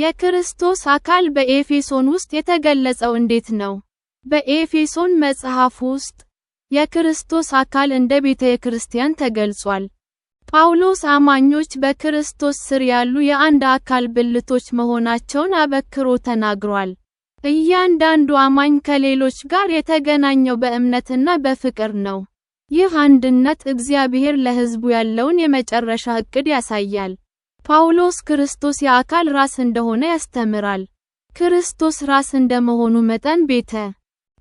የክርስቶስ አካል በኤፌሶን ውስጥ የተገለጸው እንዴት ነው? በኤፌሶን መጽሐፍ ውስጥ የክርስቶስ አካል እንደ ቤተ ክርስቲያን ተገልጿል። ጳውሎስ አማኞች በክርስቶስ ስር ያሉ የአንድ አካል ብልቶች መሆናቸውን አበክሮ ተናግሯል። እያንዳንዱ አማኝ ከሌሎች ጋር የተገናኘው በእምነትና በፍቅር ነው። ይህ አንድነት እግዚአብሔር ለሕዝቡ ያለውን የመጨረሻ ዕቅድ ያሳያል። ጳውሎስ ክርስቶስ የአካል ራስ እንደሆነ ያስተምራል። ክርስቶስ ራስ እንደመሆኑ መጠን ቤተ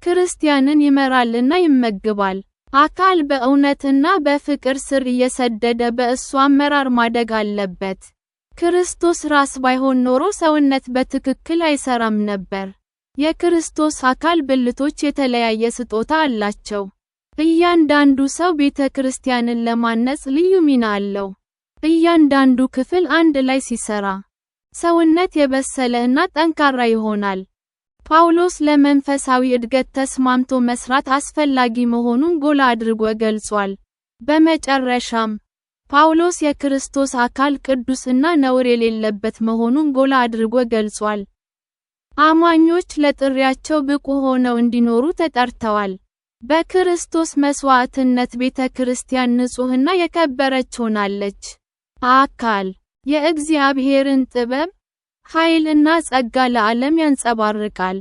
ክርስቲያንን ይመራልና ይመግባል። አካል በእውነትና በፍቅር ስር እየሰደደ በእሱ አመራር ማደግ አለበት። ክርስቶስ ራስ ባይሆን ኖሮ ሰውነት በትክክል አይሰራም ነበር። የክርስቶስ አካል ብልቶች የተለያየ ስጦታ አላቸው። እያንዳንዱ ሰው ቤተ ክርስቲያንን ለማነጽ ልዩ ሚና አለው። እያንዳንዱ ክፍል አንድ ላይ ሲሰራ ሰውነት የበሰለ እና ጠንካራ ይሆናል። ጳውሎስ ለመንፈሳዊ እድገት ተስማምቶ መስራት አስፈላጊ መሆኑን ጎላ አድርጎ ገልጿል። በመጨረሻም ጳውሎስ የክርስቶስ አካል ቅዱስ እና ነውር የሌለበት መሆኑን ጎላ አድርጎ ገልጿል። አማኞች ለጥሪያቸው ብቁ ሆነው እንዲኖሩ ተጠርተዋል። በክርስቶስ መስዋዕትነት ቤተ ክርስቲያን ንጹሕና የከበረች ሆናለች። አካል የእግዚአብሔርን ጥበብ ኃይልና ጸጋ ለዓለም ያንጸባርቃል።